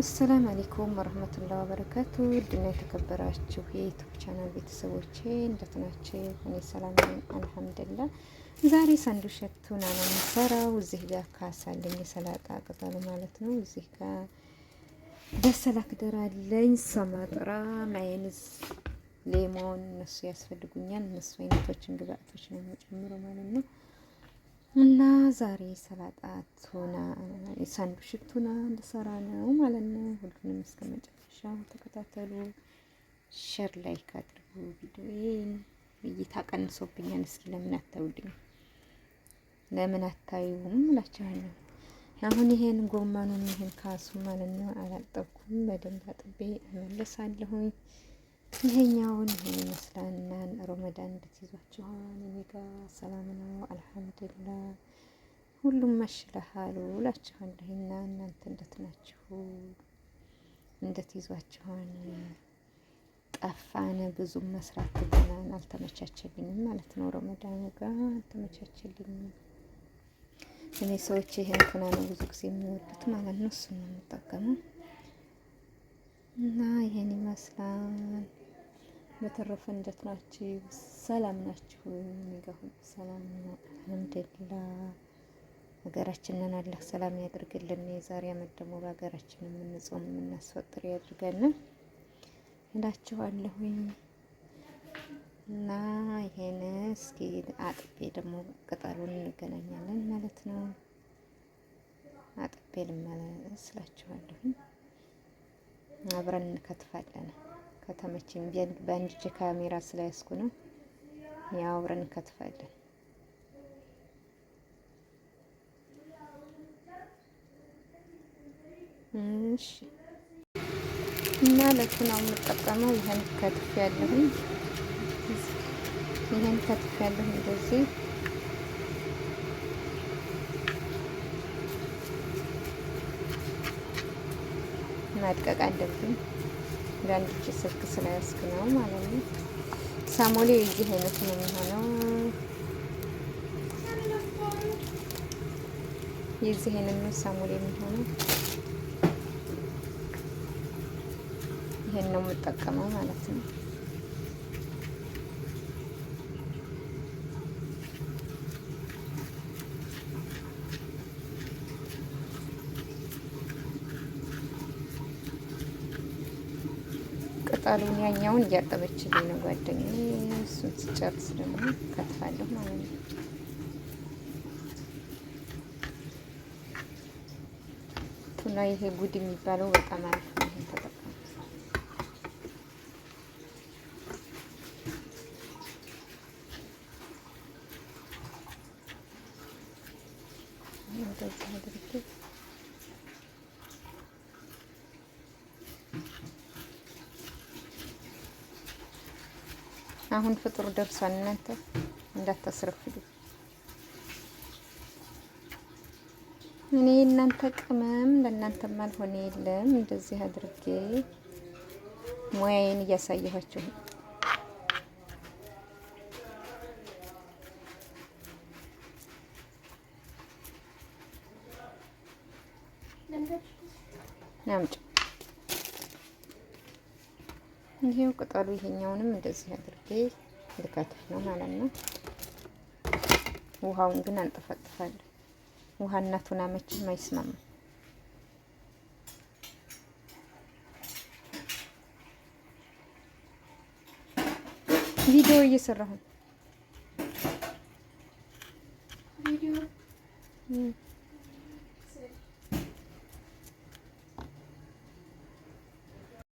አሰላም አሌይኩም ወረህመቱላ ወበረከቱ ድና የተከበራችሁ የዩቱብ ቻናል ቤተሰቦቼ እንደት ናቸው? እኔ ሰላም አልሐምድላ። ዛሬ ሳንዱሸቱን አናምሰራው እዚህ ጋር ካሳለኝ የሰላጣ ቅጠሉ ማለት ነው። እዚህ ጋር በሰላ ክደር አለኝ፣ ሰማጥራ፣ ማይንዝ፣ ሌሞን እነሱ ያስፈልጉኛል። እነሱ አይነቶችን ግብአቶች ነው የሚጨምረው ማለት ነው። እና ዛሬ ሰላጣት ሆና ሳንዱሽት ሆና ልሰራ ነው ማለት ነው። ሁሉንም እስከ መጨረሻው ተከታተሉ። ሸር ላይክ አድርጉ። ቪዲዮዬን እይታ ቀንሶብኛል። እስኪ ለምን አታዩልኝ? ለምን አታዩም እላችኋለሁ። አሁን ይሄን ጎመኑን ይሄን ካሱ ማለት ነው አላጠብኩም። በደንብ አጥቤ እመለሳለሁኝ። ይሄኛውን ይሄን ይመስላል። እና ረመዳን እንዴት ይዟችኋል? እኔ ጋ ሰላም ነው አልሐምዱላ። ሁሉም መሽለሃል እላችኋለሁ። እና እናንተ እንዴት ናችሁ? እንዴት ይዟችኋል? ጠፋን። መስራት ትተናል። አልተመቻቸልኝም ማለት ነው። ረመዳኑ ጋ አልተመቻቸልኝም። እኔ ሰዎች ይሄ እንትና ነው ብዙ ጊዜ የሚወዱት ማለት ነው። እሱን ነው የምጠቀመው እና ይሄን ይመስላል። በተረፈ እንዴት ናችሁ? ሰላም ናችሁ? የሚገርም ሰላም ነው። አልሐምዱሊላህ ሀገራችንን አላህ ሰላም ያድርግልን። የዛሬ ዓመት ደግሞ በሀገራችን የምንጾም የምናስፈጥር ያድርገን እላችኋለሁኝ። እና ይሄን እስኪ አጥቤ ደግሞ ቅጠሉን እንገናኛለን ማለት ነው። አጥቤ ልመለስላችኋለሁኝ። አብረን እንከትፋለን። ከተመቸኝ በአንድ እጅ ካሜራ ስለያዝኩ ነው። ያው አብረን እንከትፋለን። እሺ እና ለቱ ነው የምጠቀመው። ይሄን ከትፍ ያለሁኝ ይሄን ከትፍ ያለሁኝ እንደዚህ መጥቀቅ አለብኝ። እንዳንድች ስልክ ስለያዝክ ነው ማለት ነው። ሳሞሌ እዚህ አይነት ነው የሚሆነው። የዚህ አይነት ነው ሳሞሌ የሚሆነው። ይሄን ነው የምጠቀመው ማለት ነው። ቅጠሉን ያኛውን እያጠበችልኝ ነው ጓደኛዬ። እሱን ስጨርስ ደግሞ ከትፋለሁ ማለት ነው። ቱና ይሄ ጉድ የሚባለው በጣም አሪፍ ነው። ይሄን ተጠቀሙ። እንደዚህ አድርጌ አሁን ፍጡር ደርሷል። እናንተ እንዳታስረፍዱ። እኔ እናንተ ቅመም ለእናንተም አልሆነ የለም። እንደዚህ አድርጌ ሙያዬን እያሳየኋችሁ ናምጭ ይሄው ቅጠሉ ይሄኛውንም እንደዚህ አድርጌ ልከተፍ ነው ማለት ነው። ውሃውን ግን አንጠፈጥፋለን። ውሃ እናቱን አመችም አይስማማም። ቪዲዮ እየሰራሁ ነው።